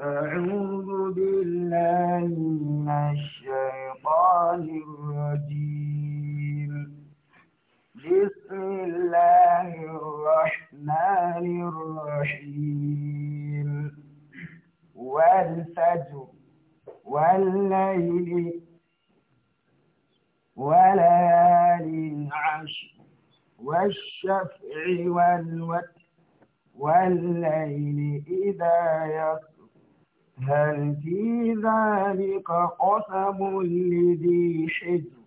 أعوذ بالله من الشيطان الرجيم بسم الله الرحمن الرحيم والفجر والليل وليالي العشر والشفع والوتر والليل إذا يسر هل في ذلك قسم لذي حجر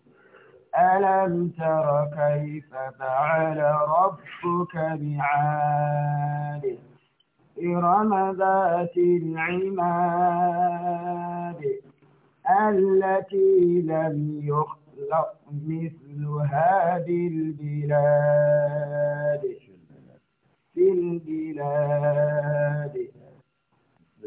ألم تر كيف فعل ربك بعاد إرم ذات العماد التي لم يخلق مثلها بالبلاد في البلاد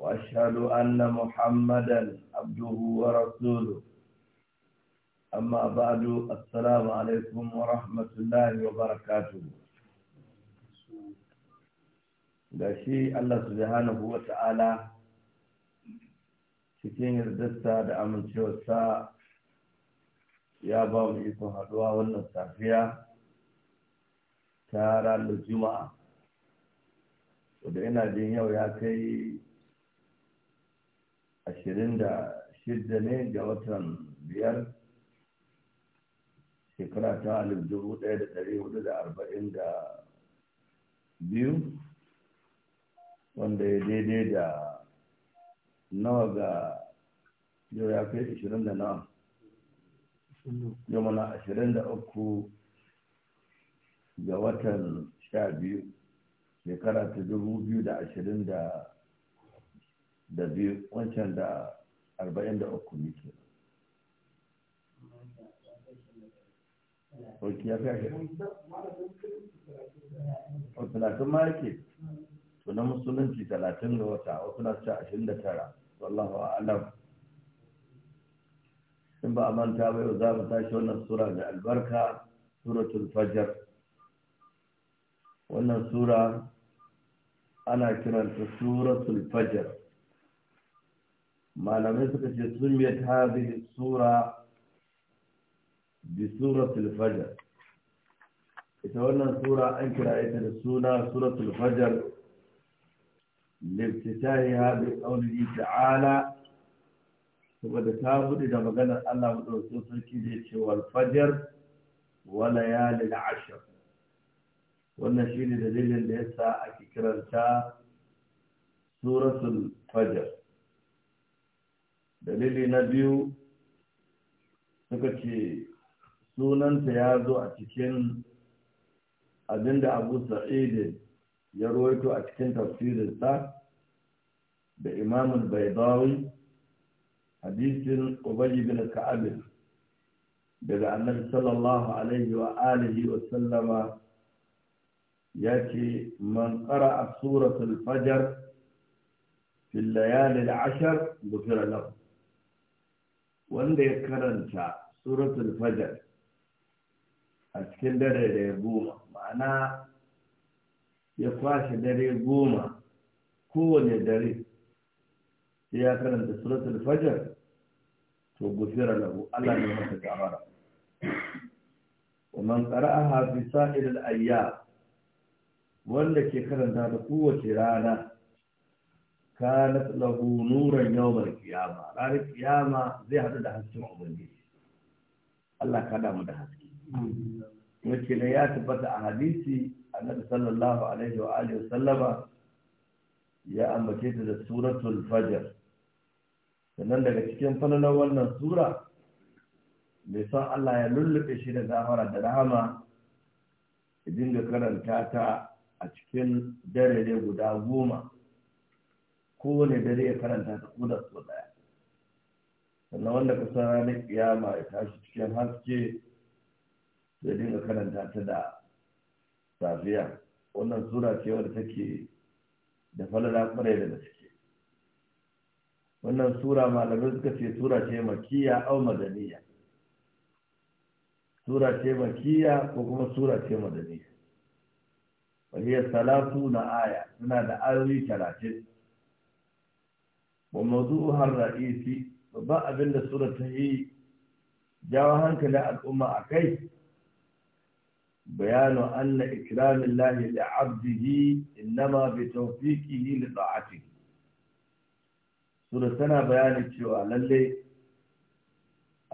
وأشهد أن محمدا عبده ورسوله أما بعد السلام عليكم ورحمة الله وبركاته gashi Allah subhanahu wa ta'ala cikin yardarsa da amincewarsa ya ba mu ikon haɗuwa wannan safiya ta ranar juma'a wadda ina jin yau ya kai ashirin da shidda ne ga watan biyar shekara ta alif dubu ɗaya da ɗari hudu da arba'in da biyu wanda ya daidai da nawa ga yau ya kai ashirin da nawa yau mana ashirin da uku ga watan sha biyu shekara ta dubu biyu da ashirin da da biyu wancan da arba'in da uku ne ke Oki ya fiye O talatin ma yake sunan musulunci talatin ga wata wasu na ce ashirin da tara wallahu alam sun ba a manta ba yau za mu tashi wannan sura da albarka suratul tulfajar? wannan sura ana kiranta suratul tulfajar. malamai suka ce sun sumiyat hadhihi sura bi suratul fajr ita wannan sura an kira ita da suna suratul fajr liftitahiha bi qawlihi ta'ala saboda ta bude da maganar Allah madaukakin sarki da yace wal fajr wa layalin ashr wannan shine dalilin da yasa ake kiranta suratul fajar dalili na biyu suka ce sunanta ya zo a cikin abinda abu Sa'idu ya ruwaito a cikin tafsirinsa da imamun baibawi hadisin Ubali bin ka'abin daga annabi sallallahu alaihi wa alihi wa sallama ya ce man qara'a suratul fajr fi layalil ashar ghufira lahu wanda ya karanta suratul fajar a cikin dare da ya goma ma'ana ya kwashe dare goma kowane dare sai ya karanta suratul fajar, to gufira lahu Allah ne masa gafara wa man qara'aha fi sa'il al-ayyam wanda ke karanta da kowace rana kanat lahu nuran yawmal qiyama ranar kiyama zai hadu da hasken ubangiji Allah ka damu da haske wace ne ya tabbata a hadisi annabi sallallahu alaihi wa alihi sallama ya ambace ta da suratul fajr sannan daga cikin falalar wannan sura mai son Allah ya lullube shi da gafara da rahama ya dinga karanta ta a cikin dare guda goma kowane dare ya karanta ta ko da daya sannan wanda ka san ranar kiyama ya tashi cikin haske ya dinga karanta ta da safiya wannan sura ce wadda take da falala kwarai da gaske wannan sura malamai suka ce sura ce makiya au madaniya sura ce makiya ko kuma sura ce madaniya wahiyar salatu na aya suna da ayoyi talatin wa mawdu'uhar ra'isi babban abin da sura ta yi jawo hankali al'umma a kai bayanu anna Ikramillahi lahi da abdihi innama bi tawfiqihi li da'atihi sura tana bayanin cewa lalle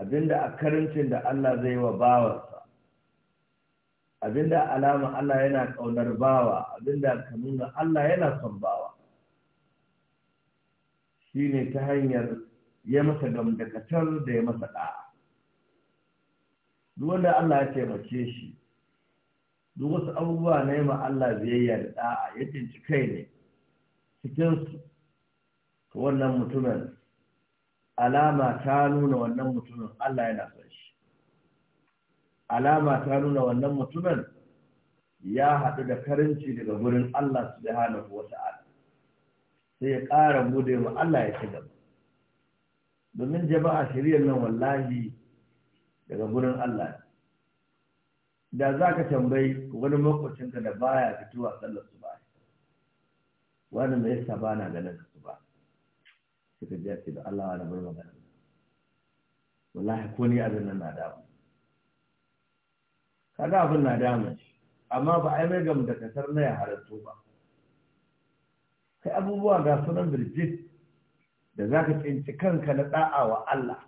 abinda a karancin da Allah zai wa bawarsa abinda alama Allah yana kaunar bawa abinda ka Allah yana son bawa Shi ne ta hanyar ya masa gamdakatar da ya masa ɗa'a duk wanda Allah ya taimake shi duk wasu abubuwa na ma Allah biyayya da ɗa'a ya cinci kai ne cikinsu Ka wannan mutumin alama ta nuna wannan mutumin Allah yana son shi alama ta nuna wannan mutumin ya haɗu da karinci daga gurin Allah Su subhanahu wa ta'ala sai ya ƙara bude wa Allah ya ci gaba domin jama'a shiriyar nan wallahi daga gurin Allah da za ka tambayi wani makwacinka da baya fitowa sallar su ba wani mai yasa ba na ganin su ba suka ji ce da Allah wani bar magana wallahi ko ni abin nan na damu kaga abin na damu amma ba a yi mai gam da kasar na ya halattu ba sai abubuwa ga sunan birjit da za ka tsinci kanka na ɗa'a wa Allah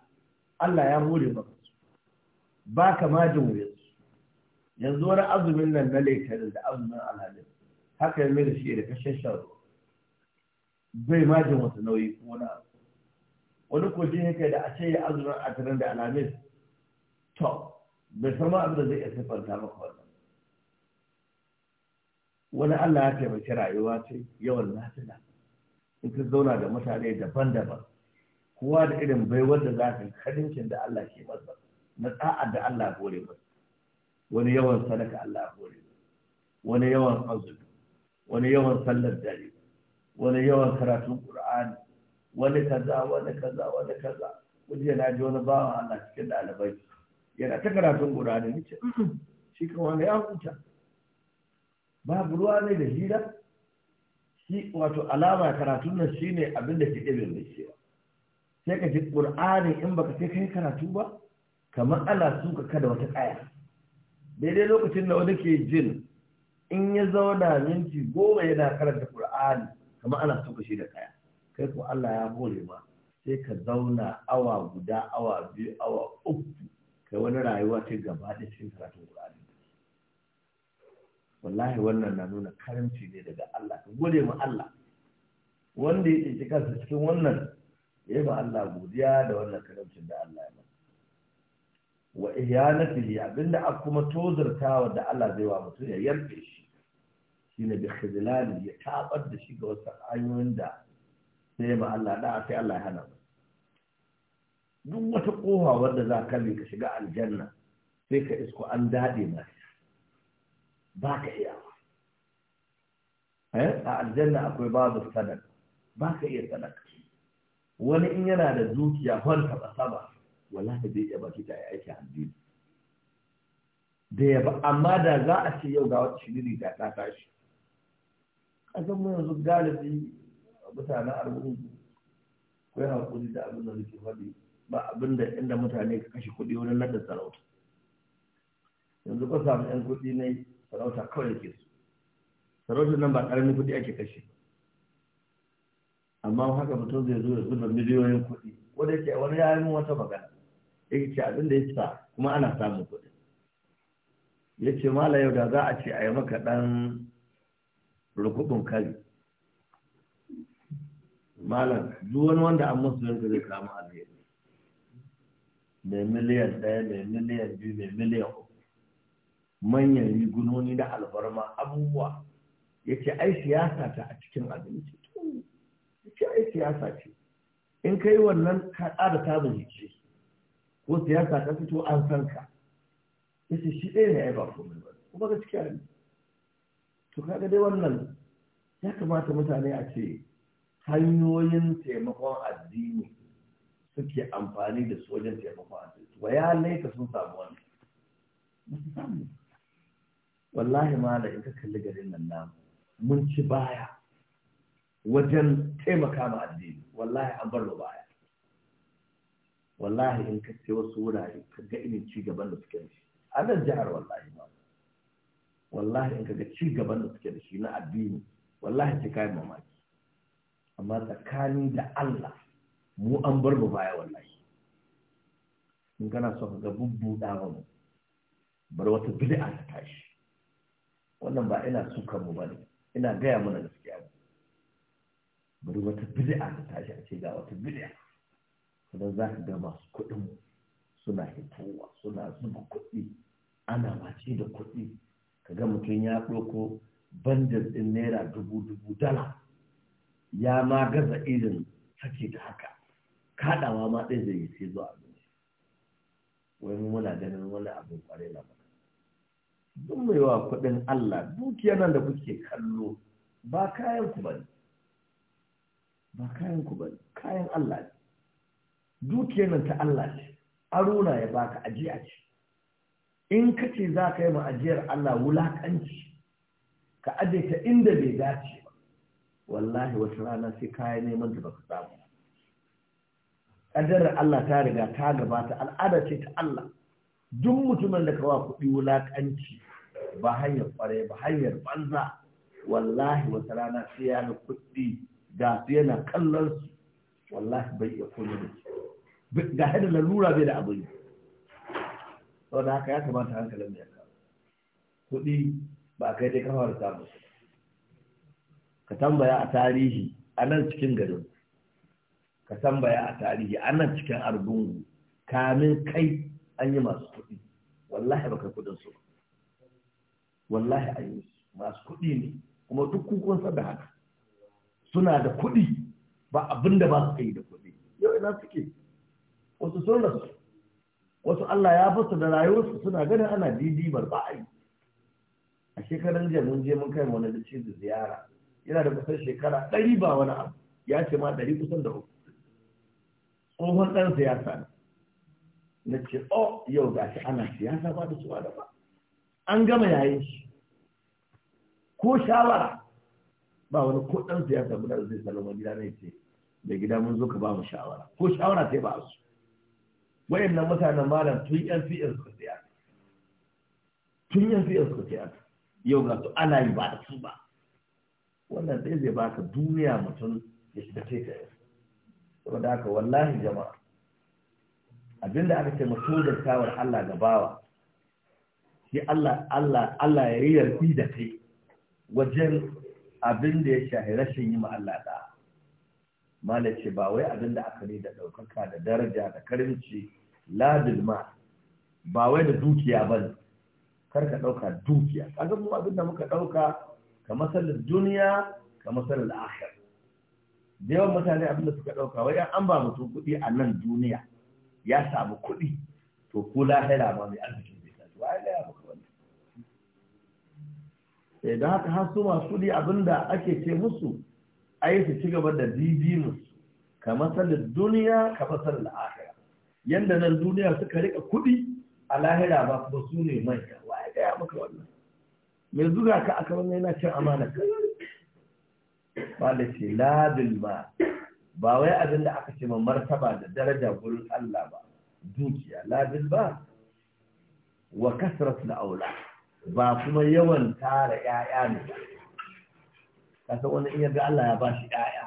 Allah ya hore maka ba ka ma jin yanzu wani azumin nan na laifin da azumin alhalin haka ya mai da shi da kashin sharo bai ma jin wasu nauyi ko wani abu wani ko shi yake da a ce ya azumin a da alhalin to bai san ma abin da zai iya siffanta maka wannan wani Allah ya taimaki rayuwa ce yawan lafiya in ka zauna da mutane daban-daban kowa da irin baiwar da za ka yi da Allah ke masa na tsa'ar da Allah gore masa wani yawan sadaka Allah gore masa wani yawan azumi wani yawan sallar dare wani yawan karatun Qur'ani wani kaza wani kaza wani kaza wani na ji wani bawan Allah cikin ɗalibai yana ta karatun Qur'ani ne ce shi kan wani ya huta babu ruwa ne da hira shi wato alama karatun nan shine abin da ke ɗabe mai cewa sai ka ji ƙur'ani in baka sai kai karatu ba kamar ana suka kada wata ƙaya daidai lokacin da wani ke jin in ya zauna minti goma yana karanta ƙur'ani kamar ana suka shi da ƙaya kai ko Allah ya hore ma sai ka zauna awa guda awa biyu awa uku kai wani rayuwa ta gaba da cikin karatu wallahi wannan na nuna karanci ne daga Allah ka gode ma Allah wanda ya ɗauki kansa cikin wannan ya yi ma Allah godiya da wannan karancin da Allah ya masa wa iyanatihi abinda a kuma tozartawa da Allah zai wa mutum ya yarfe shi shine bi ya tabar da shi ga wasu ayoyin da sai ma Allah da sai Allah ya hana duk wata kowa wanda za ka ka shiga aljanna sai ka isko an dade masa ba ka iya eh? a aljanna akwai babu sadaka ba ka iya sadaka wani in yana da zuciya wani taɓa wala wallahi zai iya baki ta aiki a addini da ya ba amma da za a ce yau ga wata shiriri ta ta tashi san mu yanzu galibi mutanen al'ummu ko yana kudi da abin da nake faɗi ba abin da inda mutane ka kashe kuɗi wurin da sarauta yanzu ka samu 'yan kuɗi ne sarauta kawai ke su sarautar nan ba ƙaramin kuɗi ake kashe amma haka mutum zai zo ya zuba miliyoyin kuɗi wanda yake wani ya yi wata magana yake ce abin da ya sa kuma ana samun kuɗi ya ce mala yau da za a ce a yi maka ɗan rukubin kari malam duk wani wanda an yanka zai kama alheri mai miliyan ɗaya mai miliyan biyu mai miliyan uku manyan rigunoni da albarma abubuwa ya ce ai siyasa ta a cikin abinci ya ce ai siyasa ce in ka yi wannan kaɗa da samun jiki ko siyasa ta fito an san ka ya ce shi ɗaya ne ya ba komai ba kuma gaskiya ne to kaga dai wannan ya kamata mutane a ce hanyoyin taimakon addini suke amfani da su wajen taimakon addini wa ya sun samu wani ba su samu wallahi ma da in ka kalli garin nan namu mun ci baya wajen taimaka ma addini wallahi an bar mu baya wallahi in ka ce wasu wurare ka ga irin ci gaban da suke da shi a nan jihar wallahi ma wallahi in ka ga ci gaban da suke da shi na addini wallahi sai kayan mamaki amma tsakani da Allah mu an bar mu baya wallahi in kana so ka ga bubbuɗa mu bar wata bid'a ta tashi wannan ba ina sukan mu bane ina gaya mana gaskiya bari wata bid'a ta tashi a ce ga wata bid'a idan za ka ga masu kuɗin suna hitowa suna zuba kuɗi ana wace da kuɗi ka ga mutum ya ɗauko bandar ɗin naira dubu dubu dala ya ma gaza irin sake da haka kaɗawa ma ɗin zai yi sai zuwa abinci wai muna ganin wani abin ƙwarai labar duk mai wa kuɗin Allah dukiyar nan da kuke kallo ba kayan ku bane ba kayan ku bane kayan Allah ne dukiyar nan ta Allah ce aruna ya baka ajiya ce in ka za ka yi ma ajiyar Allah wulakanci ka aje ta inda bai dace ba wallahi wata rana sai kayan neman da baka samu ƙadarar Allah ta riga ta gabata al'ada ce ta Allah duk mutumin da kawa kuɗi wulaƙanci ba hanyar ƙware ba hanyar banza wallahi wata rana sai ya ga kuɗi ga su yana kallon su wallahi bai iya koyo da su ga hada lalura bai da abin sau da haka ya kamata hankalin ya kawo kuɗi ba a kai dai kawar samu ka tambaya a tarihi a nan cikin garin ka tambaya a tarihi a nan cikin argungu kamin kai an yi masu kuɗi wallahi baka kuɗin su ba wallahi an yi masu kuɗi ne kuma duk kun san da haka suna da kuɗi ba abinda ba su yi da kuɗi yau ina suke wasu sun rasu wasu Allah ya fasa da rayuwarsu suna ganin ana bar ba a yi a shekaran jiya mun je mun kai wani da cizo ziyara yana da kusan shekara ɗari ba wani abu ya ce ma ɗari kusan da uku tsohon ɗansa ya sani na ce o oh, yau ga shi ana siyasa ba da suwa da ba an gama yayin shi ko shawara ba wani ko dan siyasa guda da zai salama gida ne ce da gida mun zo ka ba mu shawara ko shawara sai ba su nan mutanen malam tun yan siyar su siya tun yan siyar su siya yau ga su ana yi ba da su ba wannan zai zai baka duniya mutum ya shiga sai ka yi saboda haka wallahi jama'a abinda aka ce masudar tawar Allah ga bawa shi Allah Allah Allah ya yi yarfi da kai wajen abinda ya shahi rashin yi ma Allah da mala ce ba wai abinda aka ne da ɗaukaka da daraja da karimci labilma. ma ba wai da dukiya ba kar ka ɗauka dukiya kaga mu abinda muka ɗauka ka masalar duniya ka masalar akhir da yawan mutane abinda suka ɗauka wai an ba mutum kuɗi a nan duniya ya samu kuɗi to ko lahira ma mai arzikin zai tashi wa ya maka wannan sai eh, don haka har su masu kuɗi abinda ake ce musu ai su ci gaba da musu, ka masalin duniya ka masalin lahira yanda nan duniya suka rika kuɗi a lahira ba ba su ne manya wa ya gaya maka wannan mai zuga ka aka wannan yana cin amana ka ba da ce labin ma ba wai abin da aka ce ma martaba da daraja gurin Allah ba dukiya labil ba wa kasrat aula ba kuma yawan tara 'ya'ya ne kasan wani in ga Allah ya ba shi ƴaƴa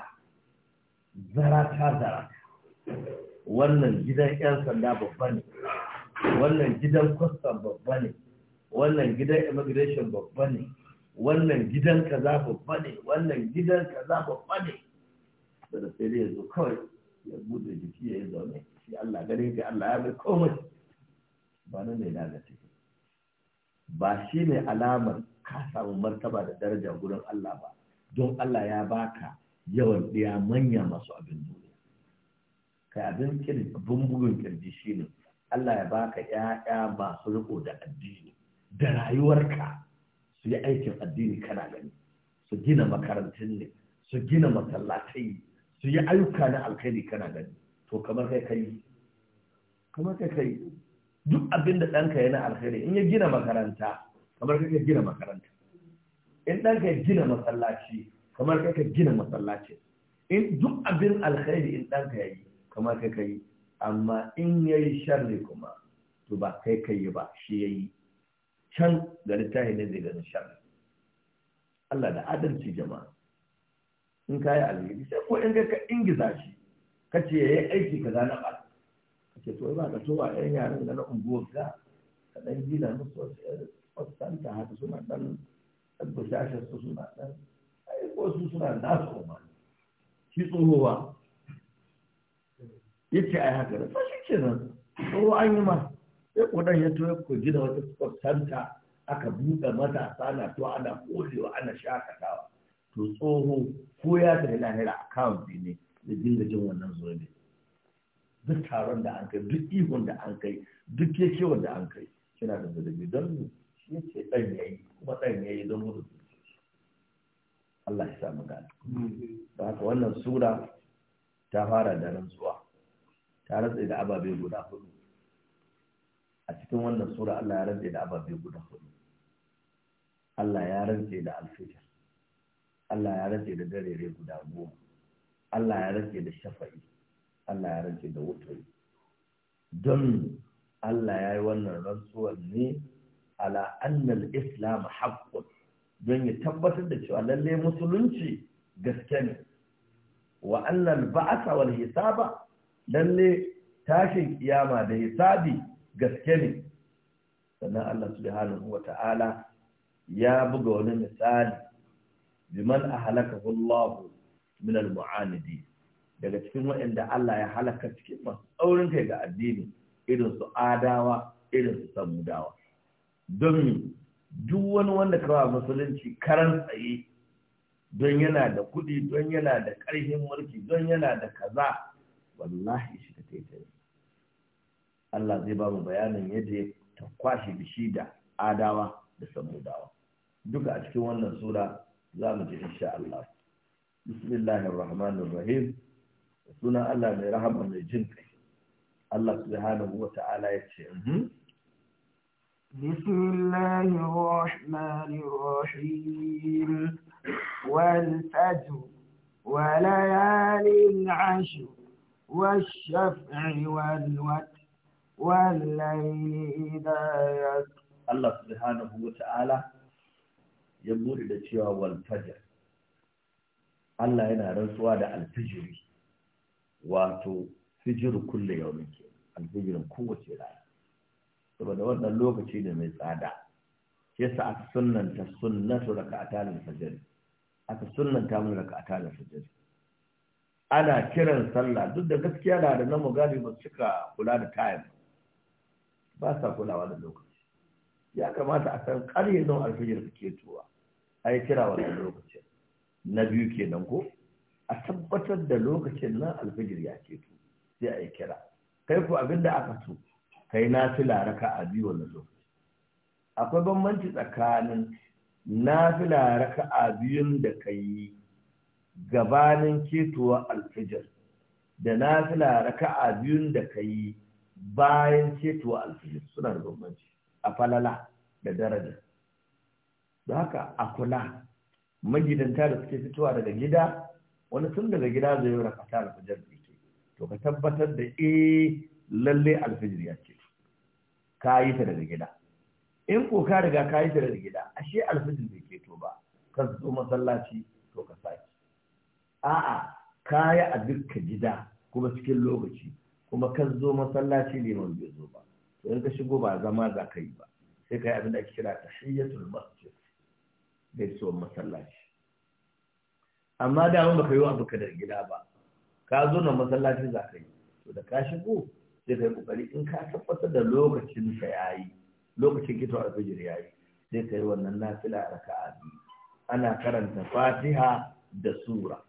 zara ta zara wannan gidan ƴan sanda babba ne wannan gidan kwastam babba ne wannan gidan immigration babba ne wannan gidan kaza babba ne wannan gidan kaza babba ne da sai ya zo kawai ya bude jiki ya yi zaune shi Allah gani ga Allah ya mai komai ba nan ne ciki. ba shi ne alamar ka samu martaba da daraja gurin Allah ba don Allah ya baka yawan ɗaya manya masu abin duniya kai abin kirji bugun kirji shi ne Allah ya baka ƴaƴa masu riko da addini da rayuwarka su yi aikin addini kana gani su gina makarantun ne su gina masallatai su yi ayyuka na alkhairi kana gani to kamar kai kai kamar kai kai duk abin da ɗanka yana alkhairi in ya gina makaranta kamar kai ka gina makaranta in ɗanka ya gina masallaci kamar kai ka gina masallaci in duk abin alkhairi in ɗanka ya yi kamar kai ka yi amma in ya yi sharri kuma to ba kai ka yi ba shi ya yi can da littafi ne zai gani sharri Allah da adalci jama'a in ka yi alheri sai ko in ka ingiza shi ka ce ya yi aiki ka zana ba ka ce to ba ka to ba 'yan yaran da na unguwar ka ka ɗan gina musu wasu wasu ta haka suna ɗan shashar su suna ɗan ko su suna nasu umarni shi tsohowa ya ce a yi haka da sashi ce nan tsoro an yi ma sai kudan ya toye ko gina wata sport aka buɗe matasa na to ana kodewa ana shakatawa to tsoho ko ya hira lahira account ne da dinga jin wannan ne duk taron da an kai duk ihun da an kai duk kekewar da an kai kina da zulubi don shi ce ɗan ya yi kuma ɗan ya yi don mutu Allah ya samu gani ba haka wannan sura ta fara da rantsuwa ta rantsa da ababe guda hudu a cikin wannan sura Allah ya rantsa da ababe guda hudu Allah ya rantsa da alfitar Allah ya rage da dare guda goma Allah ya rage da shafa'i Allah ya rage da wuturi don Allah ya yi wannan rantsuwar ne ala annal islam haqqun don ya tabbatar da cewa lallai musulunci gaske ne wa annal ba'asa wal hisaba lalle tashin kiyama da hisabi gaske ne sannan Allah subhanahu wa ta'ala ya buga wani misali biman ahlakahu Allah min al-mu'anidi daga cikin waɗanda Allah ya halaka cikin masu tsaurin kai ga addini irin su adawa irin su samudawa don duk wani wanda kawa musulunci karan tsaye don yana da kuɗi don yana da ƙarfin mulki don yana da kaza wallahi shi ta taita Allah zai ba mu bayanin yadda ta kwashe bishi da adawa da samudawa duka a cikin wannan sura za mu ji insha Allah bismillahir rahmanir rahim sunan Allah mai rahama mai jin kai Allah subhanahu wa ta'ala ya ce بسم الله الرحمن الرحيم والفجر وليال العشر والشفع والوتر والليل إذا يسر الله سبحانه وتعالى ya bude da cewa wal Allah yana rantsuwa da alfijiri wato fijir kulle yaumin ke alfijirin kowace rana saboda wannan lokaci da mai tsada sa aka sunnanta sunnatu raka'ata lil fajr aka sunnanta mun a lil fajr ana kiran sallah duk da gaskiya da da namu gani ba cika kula da time ba sa kulawa da lokaci ya kamata a san ƙarye don alfijir kake tuwa ai kira wannan lokacin na biyu kenan ko a tabbatar da lokacin nan alfijir ya to sai a yi kira kai ko abin da aka so kai na fila raka a biyu wannan lokaci akwai bambanci tsakanin na fila raka a biyun da ka yi gabanin ketowa alfijir da na fila raka a biyun da ka yi bayan ketowa alfijir suna da bambanci a falala da daraja da haka a kula magidanta da suke fitowa daga gida wani tun daga gida zai yi rakata alfajar da yake to ka tabbatar da eh lalle alfajir ya ce ka yi ta daga gida in ko ka riga ka yi ta daga gida ashe alfajir da ke to ba ka zo masallaci to ka saki a'a ka yi a duka gida kuma cikin lokaci kuma ka zo masallaci wanda bai zo ba to in ka shigo ba zama za ka yi ba sai ka yi abin da ake kira tahiyyatul masjid gaisuwar masallaci amma da mun baka yi wa ka da gida ba ka zo na masallaci za ka yi to da ka shigo sai ka yi kokari in ka tabbatar da lokacin sa yayi lokacin kito fijir yayi sai ka yi wannan nafila raka'a biyu ana karanta fatiha da sura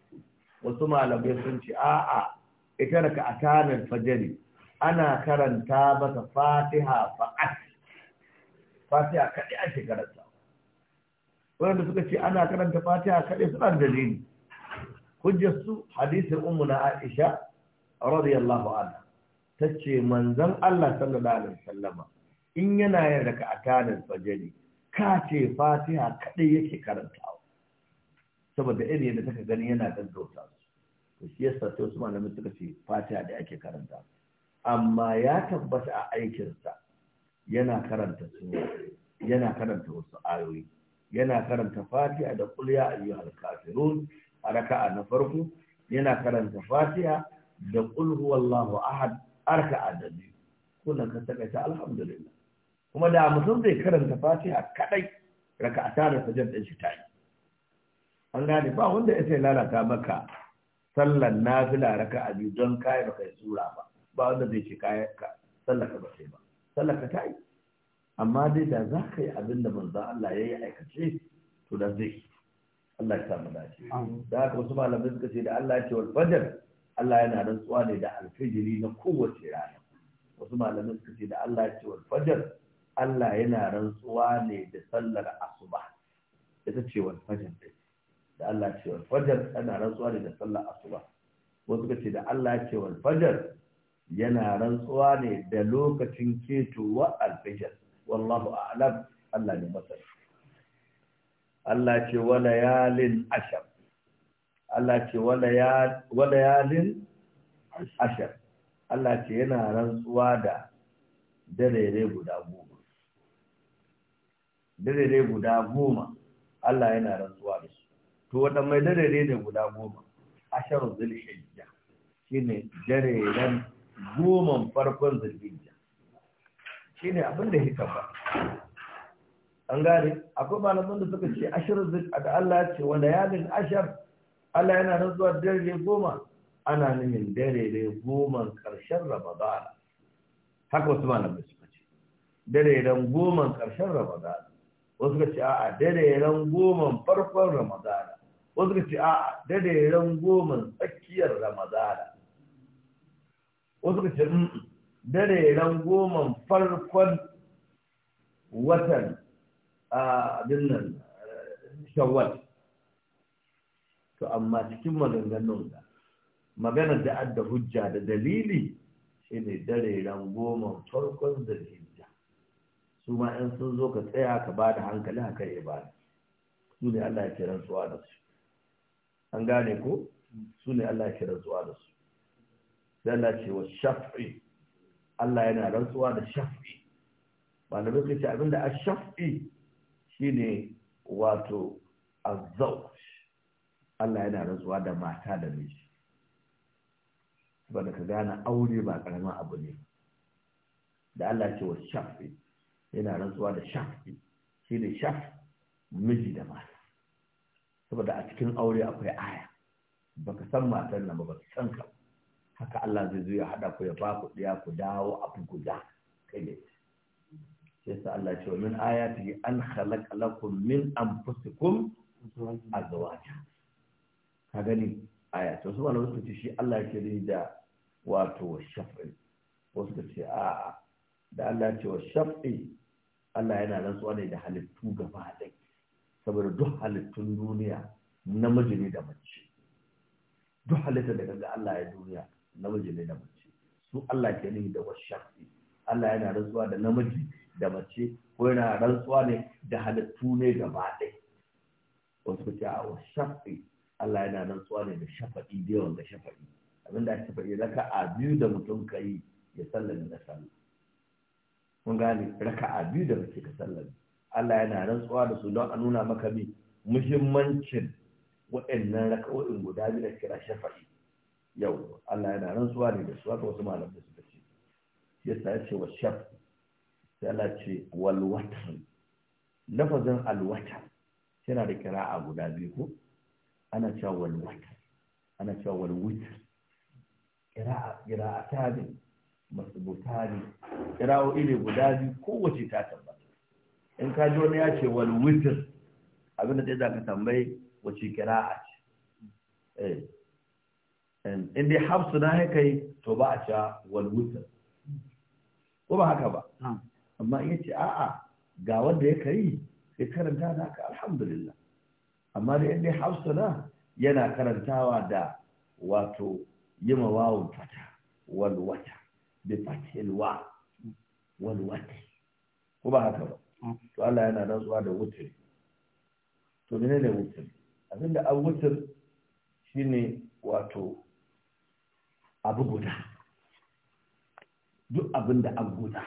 wasu malamai sun ce a'a ita a tanar fajari ana karanta mata fatiha fa'at fatiha kaɗai ake karanta wanda suka ce ana karanta fatiha kaɗai suna da dalili hujjar hadisin ummu na aisha radiyallahu anha tace manzon Allah sallallahu alaihi wasallama in yana yin raka'atan fajri ka ce fatiha kaɗai yake karantawa saboda irin yadda take gani yana da su to shi yasa sai Usman malamai suka ce fatiha da yake karanta amma ya tabbata a aikinsa yana karanta su yana karanta wasu ayoyi yana karanta fatiha da kul ya ayyuhal kafirun a raka'a na farko yana karanta fatiha da kul huwallahu ahad a raka'a da biyu kullum ka ta alhamdulillah kuma da mutum zai karanta fatiha kadai raka'a ta da sajad din shi tayi an gane ba wanda ya lalata maka sallan nafila raka'a biyu don kai baka yi sura ba ba wanda zai ce kai sallaka ba sai ba sallaka tayi amma dai da za ka yi abin da manza Allah ya yi aikace to da zai Allah ya samu dace da haka wasu malamai suka ce da Allah ya ce wal fajr Allah yana rantsuwa ne da alfijiri na kowace rana wasu malamai suka ce da Allah ya ce wal fajr Allah yana rantsuwa ne da sallar asuba ita ce wal fajr da Allah ya ce wal fajr ana rantsuwa ne da sallar asuba wasu suka ce da Allah ya ce wal fajr yana rantsuwa ne da lokacin ketowa alfajar. wallahu a'lam Allah ne masani Allah ce wala yalin ashar Allah ce wala yalin ashar Allah ce yana rantsuwa da dare guda goma dare guda goma Allah yana rantsuwa da su to wanda mai dare da guda goma ashar zulhijja shine dareren goma farkon zulhijja shi ne abin da hikam ba an gane akwai malaman da suka ce ashirin zik da Allah ya ce wanda yamin ashar Allah yana rantsuwa dare goma ana nufin dare da goma karshen ramadan haka wasu malamai suka ce dare da goma karshen ramadan wasu suka ce a'a dare da goma farkon ramadan wasu suka ce a'a dare da goma tsakiyar ramadan wasu suka ce dareren goman farkon watan abin nan shawwal to amma cikin maganganun da maganar da adda hujja da dalili shine ran goman farkon hijja su ma in sun zo ka tsaya ka ba da hankali haka ba su ne Allah ya kiran suwa da su an gane ko su ne Allah ya kiran suwa da su sai Allah ce wa shaf'i Allah yana rantsuwa da shafi malamai suka ce abinda a shafi shine wato zau. Allah yana rantsuwa da mata da miji saboda ka gane aure ba karamin abu ne da Allah ce wa shafi yana rantsuwa da shafi shine shaf miji da mata saboda a cikin aure akwai aya baka san matar nan ba baka san ka haka Allah zai zuya ya ku ya ba ku ɗaya ku dawo a guda kai ne sai sa Allah ce min ayati an khalaqa lakum min anfusikum azwaja ka gani aya to sai wannan suka shi Allah yake ni da wato shaf'i wasu suka ce a'a da Allah ce wa shaf'i Allah yana rantsuwa ne da halittu gaba ɗaya saboda duk halittun duniya namiji ne da mace duk halitta da ga Allah ya duniya namiji ne da mace su Allah ke nufi da shafi. Allah yana rantsuwa da namiji da mace ko yana rantsuwa ne da halittu ne gaba ɗaya wasu ce a shafi, Allah yana rantsuwa ne da shafa'i da yawan da shafa'i abinda ake faɗi a biyu da mutum ka yi ya sallame da sallu. mun gane a biyu da mace ka sallami. Allah yana rantsuwa da su don a nuna maka mi muhimmancin waɗannan raka'o'in guda biyu da kira shafa'i yau Allah yana rantsuwa ne da su haka wasu malamai suka ce yasa ya ce wa shaf sai Allah ce walwatar lafazin alwata yana da kira'a guda biyu ko ana cewa walwata ana cewa walwutar kira'a kira'a ta ne masubuta ne kira'o ile guda biyu kowace ta tabbata in ka ji wani ya ce walwutar abinda da za ka tambayi wace kira'a ce eh, in dai hafsu na haka yi to ba a sha walwutar ko ba haka ba amma iya ce a'a ga wanda ya kai sai karanta da haka alhamdulillah amma da yadda hafsu na yana karantawa da wato yi mawawun fata walwata bi fatilwa walwata ko ba haka ba to Allah yana rantsuwa da wutar to menene wutar abinda an wutar shine wato abu guda duk abin da abu guda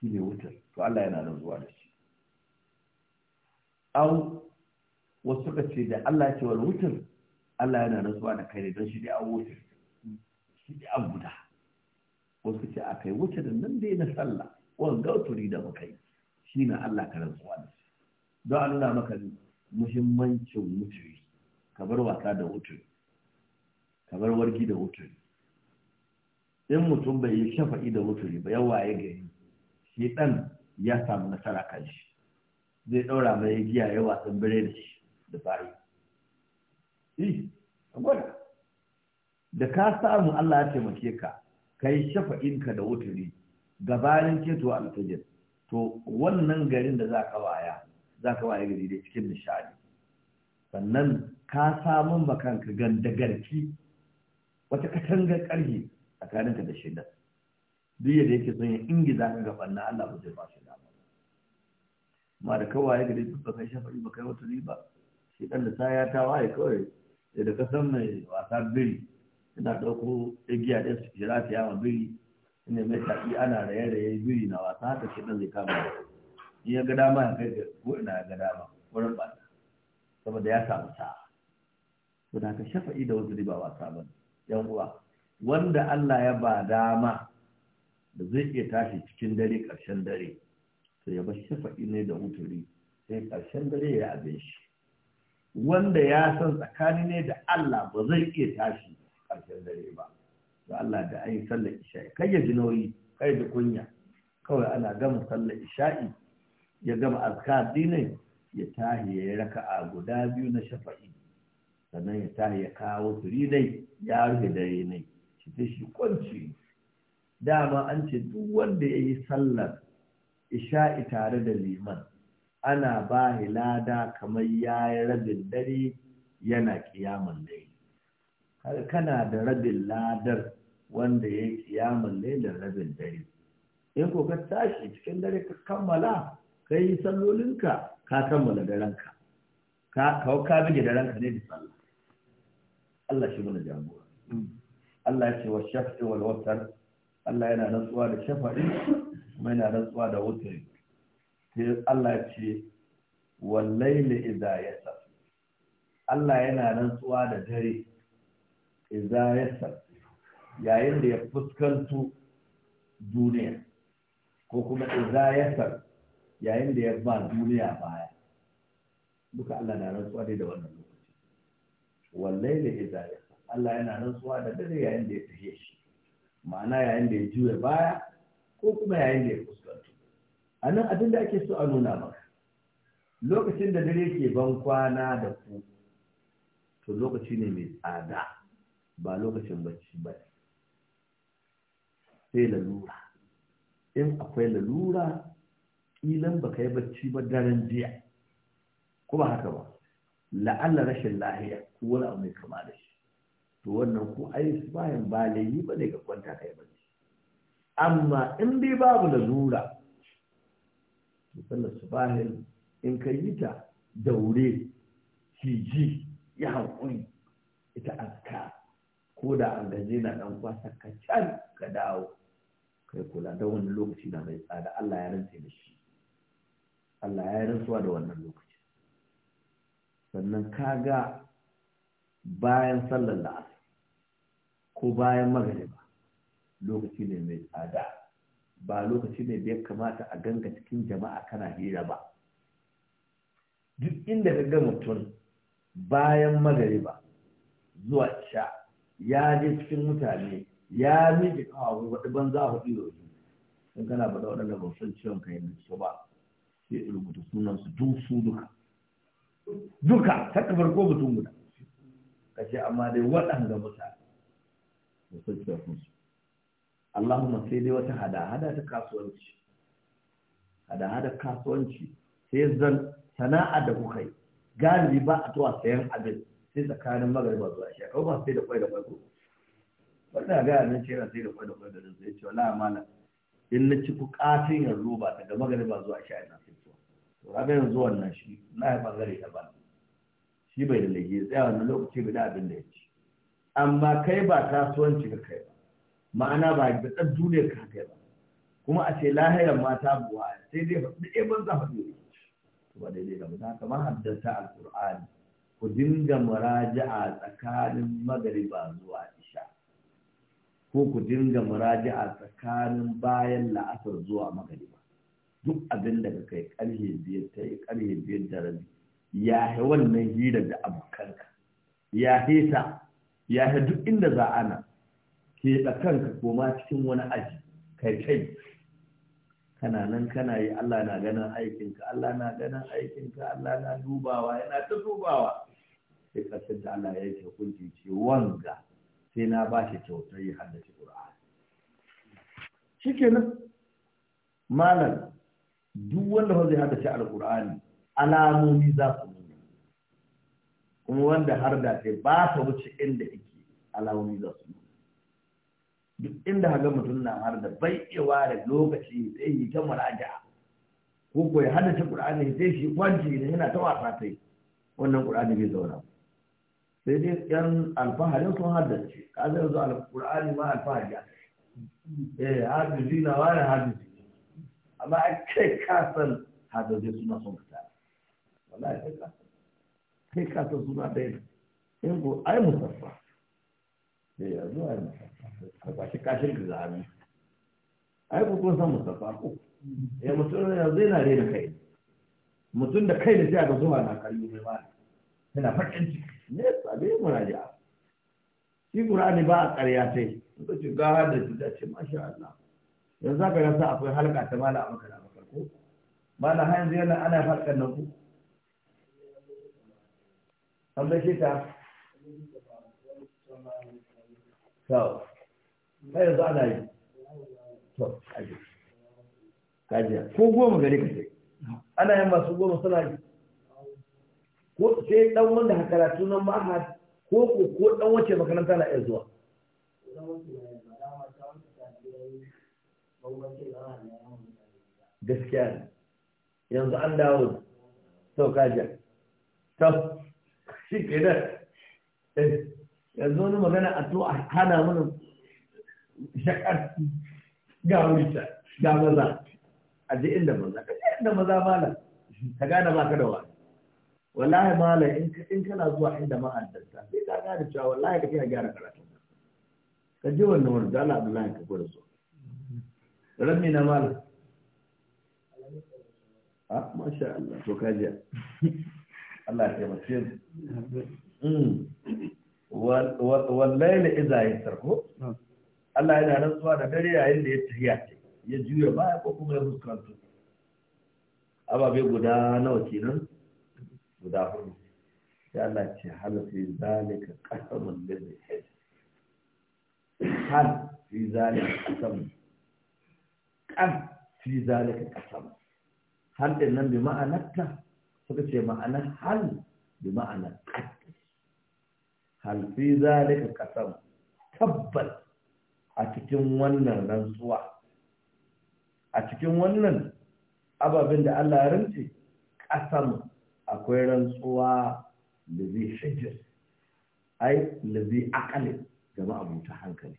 shi ne wutar to Allah yana nan zuwa da shi au wasu suka ce da Allah ya ce wani wutar Allah yana nan zuwa da kai ne don shi dai an wutar shi dai an guda wasu ce a kai wutar nan dai na sallah wani gauturi da muka yi shi na Allah ka rantsuwa da shi don an nuna maka muhimmancin wutar ka bar wasa da wutar, ka bar wargi da wutar. in mutum bai yi shafa'i da wuturi ba yawa ya gari shi ɗan ya samu nasara kan shi zai ɗaura mai giya ya wasan bire da shi da bayi da ka samu Allah ya taimake ka kai shafa'inka da wuturi gabanin keto alfajir to wannan garin da za ka waya za waya gari da cikin nishadi sannan ka samun makanka gandagarki wata katangar ƙarfi tsakaninka da shaidan duk yadda yake son ya ingiza ka ga banna Allah ba zai ba shi dama ma da kawai gare duk ba kai shafa'i ba kai wata riba shi dan da saya ta waye kawai da da kasan mai wasa biri ina dauko igiya da su jira ta yawa biri ina mai yi ana raye raye biri na wasa ta shi dan zai kama in ya ga dama ya kai ko ina ya ga dama wurin ba saboda ya samu ta don haka shafa'i da wata riba wasa ba yan uwa wanda Allah ya ba dama da zai iya tashi cikin dare ƙarshen dare to ya bashi shafa'i ne da wuturi sai ƙarshen dare ya abin shi wanda ya san tsakani ne da Allah ba zai iya tashi ƙarshen dare ba to Allah da ayi sallar isha'i kai ya ji nauyi kai da kunya kawai ana gama sallar isha'i ya gama azkar dinai ya tahi ya yi raka'a guda biyu na shafa'i sannan ya tahi ya kawo turi dai ya rufe dare ne da shi kwanci dama an ce duk wanda ya yi sallar isha'i tare da liman ana ba lada kamar ya yi rabin dare yana kiyamun laili kana da rabin ladar wanda ya yi kiyamun lailin rabin dare in ko ka tashi cikin dare ka kammala ka yi sallolinka ka kammala darenka ka kawo ka bige darenka ne da sallah Allah shi mana jagora mm. Allah ya ce wa shafi wal watar Allah yana rantsuwa da shafa'i kuma yana rantsuwa da wutar sai Allah ya ce wal layli idza yasa Allah yana rantsuwa da dare idza yasa yayin da ya fuskanto duniya ko kuma idza yasa yayin da ya ba duniya baya duka Allah na rantsuwa dai da wannan lokaci wal layli idza yasa Allah yana rantsuwa da dare yayin da ya tafiye shi ma'ana yayin da ya juya baya ko kuma yayin da ya fuskanta. a nan abin da ake so a nuna maka lokacin da dare ke ban kwana da ku to lokaci ne mai tsada ba lokacin bacci ba sai lalura in akwai lalura ƙilan ba ka yi bacci ba daren jiya kuma haka ba la'alla rashin lahiya ko wani abu mai kama da shi to wannan ko ai bayan ba layi ba ne ga kwanta kai ba amma in dai babu lalura to sallar subahin in ka yi ta daure ji ya haƙuri ita aska ko da an gaje na dan kwasa ka can ka dawo kai kula da wani lokaci na mai tsada Allah ya rantse da shi Allah ya rantsuwa da wannan lokaci sannan ka ga bayan sallar la'asar ko bayan magariba lokaci ne mai tsada ba lokaci ne da ya kamata a ganga cikin jama'a kana hira ba duk inda ka ga mutum bayan magariba zuwa sha ya je cikin mutane ya miƙe kawo wadda banza hudu yanzu in kana ba da waɗanda ba san ciwon kai ne su ba sai rubuta sunan su duk su duka duka ta kamar ko mutum guda kace amma dai waɗanda mutane da sun da kunsu. Allahumma sai dai wata hada-hada ta kasuwanci hada-hada kasuwanci sai zan sana'a da kuka yi galibi ba a tuwa sayan abin sai tsakanin magariba zuwa shi kawai ba sai da kwai da kwai ko wanda ga yana ce yana sai da kwai da kwai da rinsa ya ce wala amana in na ci kukatin yanzu ba daga magariba zuwa shi a ina sai to ga yanzu wannan shi na yi bangare daban shi bai da laifi ya tsaya wannan lokaci bai da abin da ya ci amma kai ba kasuwanci ka kai ba ma'ana ba da ɗan duniyar ka kai ba kuma a ce lahirar mata buwa sai dai faɗi ɗaya eh, ban za faɗi to ba daidai da mutum haka haddasa alƙur'ani ku dinga muraja'a tsakanin magariba zuwa isha ko ku dinga muraja'a tsakanin bayan la'asar zuwa magariba duk abin da ka kai ƙarfe biyar ta yi ƙarfe biyar da rabi yahe wannan hirar da abokanka yahe ta yahe duk inda za ana ke kanka koma cikin wani aji kai kai kana nan kana yi Allah na ganin aikinka Allah na ganin aikinka Allah na dubawa yana ta dubawa sai kasar da Allah ya yi hukunci ce wanga sai na ba shi kyautar yi haddace Qur'ani shikenan malam duk wanda zai haddace Al-Qur'ani alamomi za su nuna kuma wanda har da sai ba ta wuce inda yake alamomi za su nuna duk inda haga mutum na har da bai iya ware lokaci sai yi ta muraja ko ko ya ta qur'ani sai shi kwanci da yana ta wasa sai wannan qur'ani bai zauna sai dai yan alfaharin sun haddace kaza yanzu alqur'ani ma alfahari eh hadisi na wani hadisi amma a kai kasan hadisi suna son wallahi sai ka sai ka suna ɗaya in ko ai musaffa sai eh, ya zuwa ai musaffa ba shi kashin ka zabi ai ko kun san musaffa ko ya eh, mutum ya zai na rena kai mutum da kai da sai ga zuwa na kallo mai ba yana fakin ciki ne sabe muraja shi qur'ani ba a ƙarya sai suka ce ga da su da ce masha Allah yanzu za ka ga sa akwai halka ta mala a makara makar ko mala har yanzu yana ana halkar nan ku an bashe ta to kai yanzu ana yi aje ko goma gare ka sai ana yin masu goma suna ko sai dan wanda ha karatu ko ko wace makaranta na iya zuwa gaskiya yanzu an dawo sau kajiya shi kenan eh, yanzu wani magana a to a hana mana shakar ga wuta ga maza a je inda maza ka je inda maza malam ka gane ba ka da wani wallahi malam in in kana zuwa inda ma'addanta sai ka gane cewa wallahi ka kira gyara karatu ka je wannan wani dala abdullahi ka gwada so rami na malam a ah, masha Allah to ka je Allah ya taimake mu wallahi da iza ya sarko Allah yana rantsuwa da dare yayin da ya tafiya ya juya baya ko kuma ya fuskanto ababe guda nawa kenan guda hudu sai Allah ce hal fi zalika qasamun lil hayy hal fi zalika qasam qad fi zalika qasam hal din nan bi ma'anarta suka ce ma'anar hal bi ma'anar qad hal fi zalika qasam tabbas a cikin wannan rantsuwa a cikin wannan ababen da Allah ya rance qasam akwai rantsuwa da zai shajir ai da zai akali ga ma'abuta hankali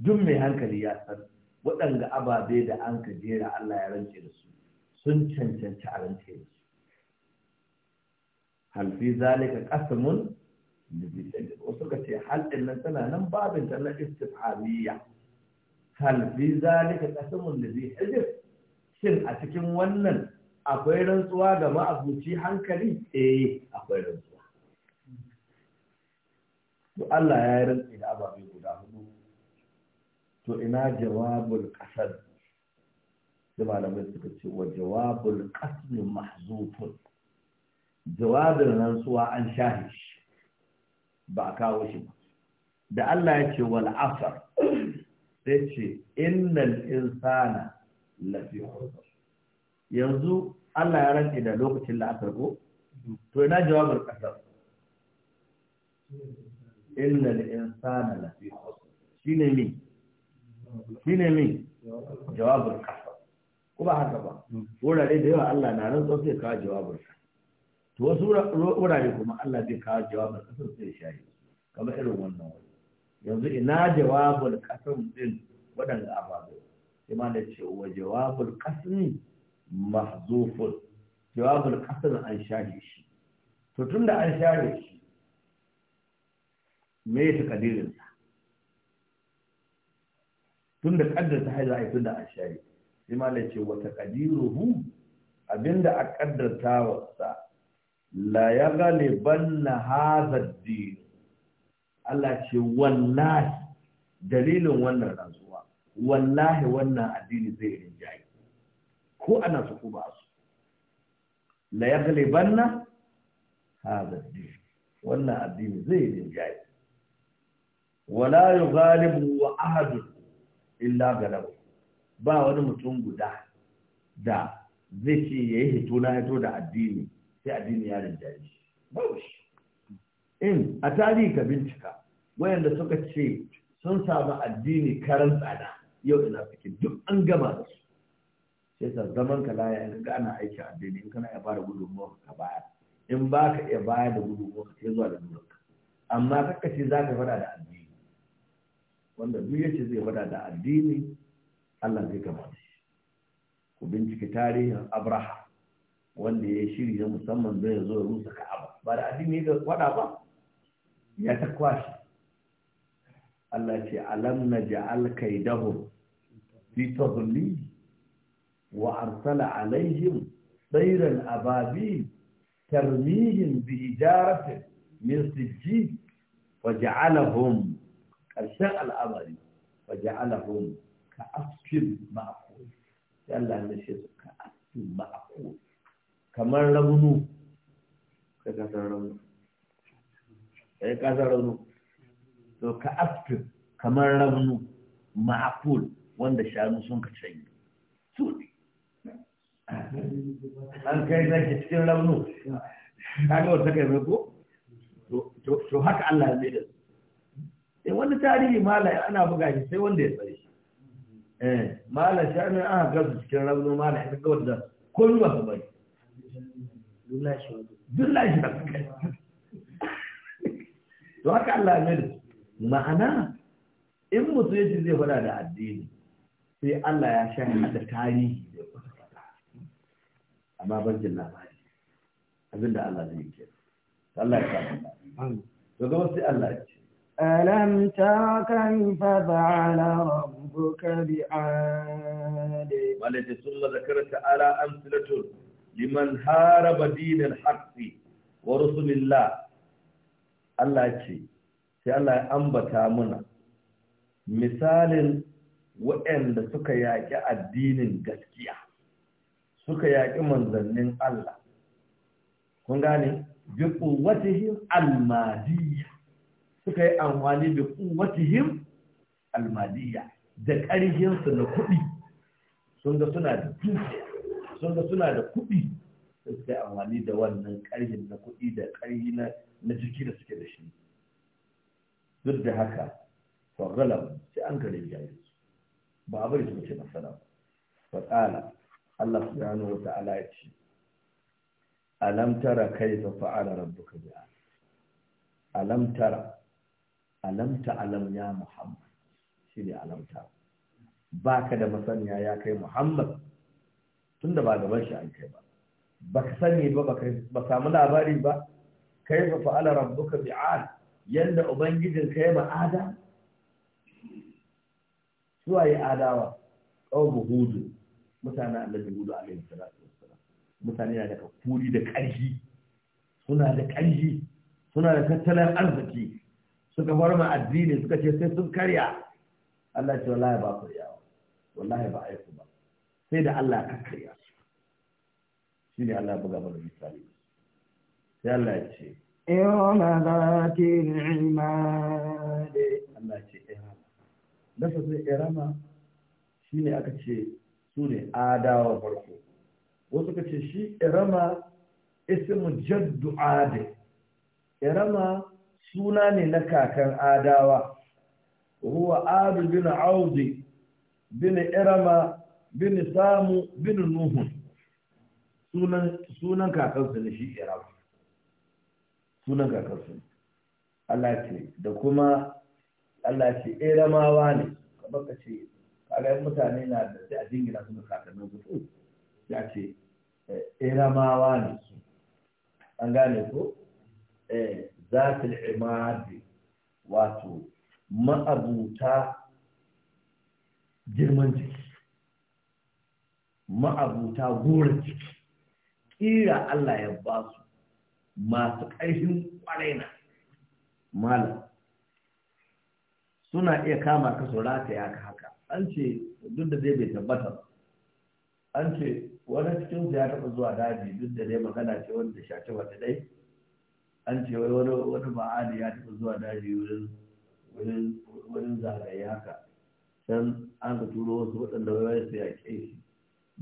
duk mai hankali ya san waɗanda ababe da an ka jera Allah ya rance da su sun cancanci a rance da su hal fi zalika qasmun wasu ka ce hal din nan tana nan babin ta na istifhamiyya hal fi zalika qasmun ladhi hijr shin a cikin wannan akwai rantsuwa ga ma'abuci hankali eh akwai rantsuwa to Allah ya yi rantsi da ababe guda hudu to ina jawabul qasad da malamai suka ce wa jawabul qasmi mahzufun jawabin rantsuwa an shahi shi ba a kawo shi ba da Allah ya ce wal asr sai ce innal insana lafi khusr yanzu Allah ya rantsi da lokacin la'asar ko to ina jawabin kasar innal insana lafi khusr shine me shine me jawabin kasar ko ba haka ba wurare da yawa Allah na rantsa sai ka jawabin kasar to wasu wurare kuma Allah zai kawo jawabin kasar sai shayi kamar irin wannan wani yanzu ina jawabin kasar din waɗanda ababe sai ma da ce wa jawabin kasar mahzufun jawabin kasar an shaye shi to tun da an shaye shi me ya takadirinsa tun da ta haiza a tun da an shaye sai ma da ce wa hu? abinda a ta wasa la ya galiban na hazardi Allah ce wallahi dalilin wannan rantsuwa wallahi wannan addini zai rinjaye ko ana su ko ba su la ya galiban na hazardi wannan addini zai rinjaye wala yi galibu wa ahadun illa galabu ba wani mutum guda da zai ce ya yi hito na hito da addini sai addini ya rinjaye shi babu in a tarihi ka bincika wayanda suka ce sun samu addini karan tsada yau ina suke duk an gama da su sai sa zaman ka laya in ga ana aikin addini in kana iya bada gudunmuwa ka baya. in ba ka iya baya da gudunmuwa ka sai zuwa da nurarka amma kakashi za ka fada da addini wanda duk yace zai fada da addini Allah zai gama shi ku bincike tarihin Abraham wanda ya shiri na musamman zai zo ya rusa ka'aba ba da addini ga wada ba ya ta kwashi Allah ce alam na ja'al kaidahum fi tadlil wa arsala alaihim tsairan ababi tarmihim bi ijaratin min sijjid wa ja'alahum ƙarshen al'amari wa ja'alahum ka asfin ma'akul sai Allah ya ce ka asfin ma'akul kamar raunu ka kasar raunu eh, kai kasar raunu to ka aftir kamar raunu ma'aful wanda shanu sun ka canyi su ne an kai ke cikin raunu ta ga wata kai mai ko to haka Allah ya mai da sai eh, wani tarihi mala ana buga shi sai wanda ya tsari eh mala shanu an aka cikin raunu mala ya ga wanda ko ba su bari duk to haka Allah ya ma'ana in mutum ya ce zai fada da addini sai Allah ya sha da tarihi da kusa fada amma banjin labari abinda Allah zai yi Allah ya sa to gaba sai Allah ya ce ألم تر كيف فعل ربك بعاد ولد ثم ذكر تعالى أمثلة liman haraba dinin haqqi wa rusulillah Allah ce sai Allah ya ambata muna misalin waɗanda suka yaƙi addinin gaskiya suka yaƙi manzannin Allah kun gane bi quwwatihim almadiyya suka yi amfani da quwwatihim almadiyya da ƙarfin su na kuɗi sun ga suna da dukiya sun ga suna da kuɗi sai su yi amfani da wannan ƙarfi na kuɗi da ƙarfi na jiki da suke da shi duk da haka fagalam sai an gare jayi ba bari su mace masana ba tsala Allah subhanahu wa ta'ala ya ce alam tara kaifa fa'ala rabbuka bi alam tara alam ta alam ya muhammad ne alam tara baka da masaniya ya kai muhammad tunda ba gaban shi an kai ba baka sani ba ba samu labari ba kai fa fa'ala rabbuka bi'ad yanda ubangijin ka yi ma'ada a yi adawa ƙaunar hudu mutane annabi hudu a laifin salatu mutane na da kafuri da ƙarfi suna da ƙarfi suna da tattalin arziki suka farma addini suka ce sai sun karya Allah ce wallahi ba ku yawa wallahi ba aiku sai da Allah ka karya su shi ne Allah buga mana misali sai Allah ya ce irama zati al-imad Allah ce irama da su sai irama shine aka ce su ne adawa farko wasu ka ce shi irama ismu jaddu ade irama suna ne na kakan adawa huwa adu bin audi bin irama bin samu bin nuhun sunan sunan kakansu ne shi iraq sunan kakansu Allah ce da kuma Allah ce iramawa eh, ne kamar ka ce kaga mutane na da sai a jingina su da kakannin su ya ce iramawa eh, eh, ne su an gane ko zatul imad wato ma'abuta girman jiki ma'abuta gura ciki ƙira Allah ya ba su masu ƙarfin na malam suna iya kama ka su ya ka haka an ce duk da zai bai tabbata an ce wani cikin ya taɓa zuwa daji duk da dai magana ce wanda shaci wata dai an ce wani wani ya taɓa zuwa daji wurin wurin zagaye haka can an ka turo wasu waɗanda wai su yaƙe shi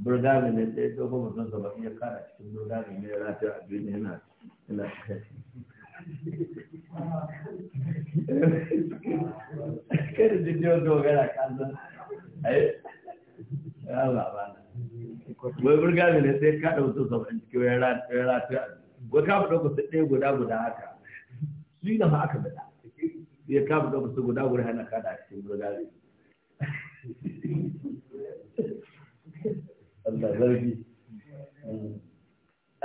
burga mai ne sai kuma mutum gaba iya kara cikin burga mai ne yana ta abin yana yana kada da jiyo dogara kanzan ai ya labana wai burga mai ne sai kada mutum gaba in cikin yana ta ko ka fi ɗauka su ɗaya guda guda haka su yi da ma aka bada ya ka fi ɗauka su guda guda hana kada a cikin burga mai Allah zargi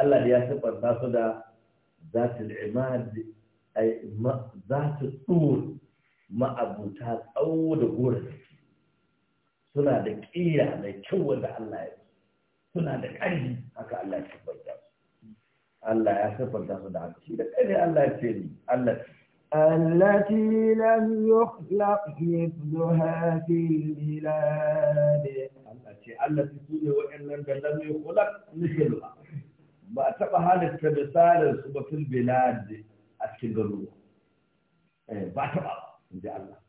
Allah da ya siffanta su da zatul imad ay zatul tur ma'abuta tsawo da gorin suna da ƙira mai kyau wanda Allah ya suna da ƙarfi haka Allah ya siffanta su Allah ya siffanta su da haka shi da ƙarfi Allah ya ce ni Allah التي لم يخلق مثلها في البلاد Allah ce Allah su ne waɗannan da lam kula mithluha ba a taɓa halitta misalin su ba fil bilad a cikin garuruwa eh, ba. ba taɓa ba ji Allah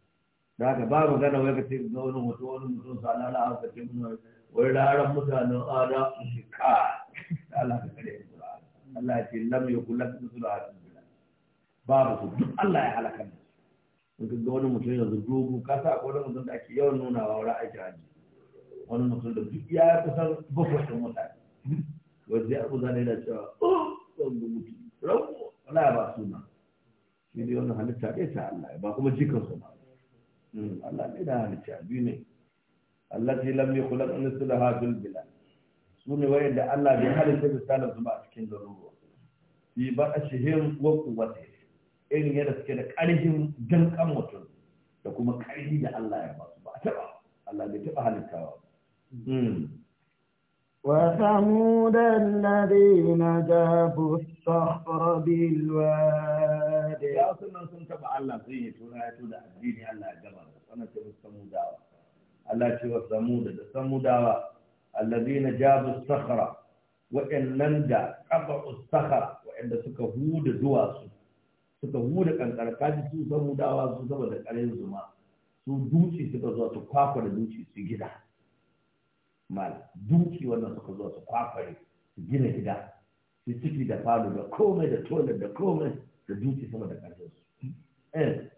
da haka ba magana wai ka ce ga wani mutu wani mutum salala a ka ce mun wai raran mutanen ada su ka Allah ka kare kula. Allah ya ce da yukhlaq mithluha babu su duk Allah ya halaka mu ga wani mutum yanzu dogo kasa ko wani mutum da ake yawan nuna wa wani aiki hajji wani mutum da duk ya kusan bakwai wata mutane wanda ya kuza ne da cewa oh don da mutu rago wala ba suna shi ne wannan halitta ɗaya ta Allah ba kuma jikin su ba hmm, Allah ne da halitta biyu ne Allah ce da yakhlaq da hajjul bilad su ne da Allah bai halitta misalan su ba a cikin garuruwa fi ba a shihin wa kuwata irin yadda suke da ƙarfin dankan mutum da kuma ƙarfi da Allah ya ba su ba a taɓa Allah bai taɓa halittawa وثمود الذين جابوا الصخر بالواد يا سنة سنة الله فيه تونا يتودع الدين الله جمال سنة تقول الله شوى ثمود ثمود الذين جابوا الصخرة وإن لندى قبعوا الصخرة وإن سكهود دواسو سكهود كان كاركاجي سو ثمود سو ثمود كارين زما سو دوشي سكهود سو كاكو دوشي سجدا mal duki wannan suka zo su kwafare su gina gida su ciki da falo da komai da tolar da komai da duki sama da ƙarfin su eh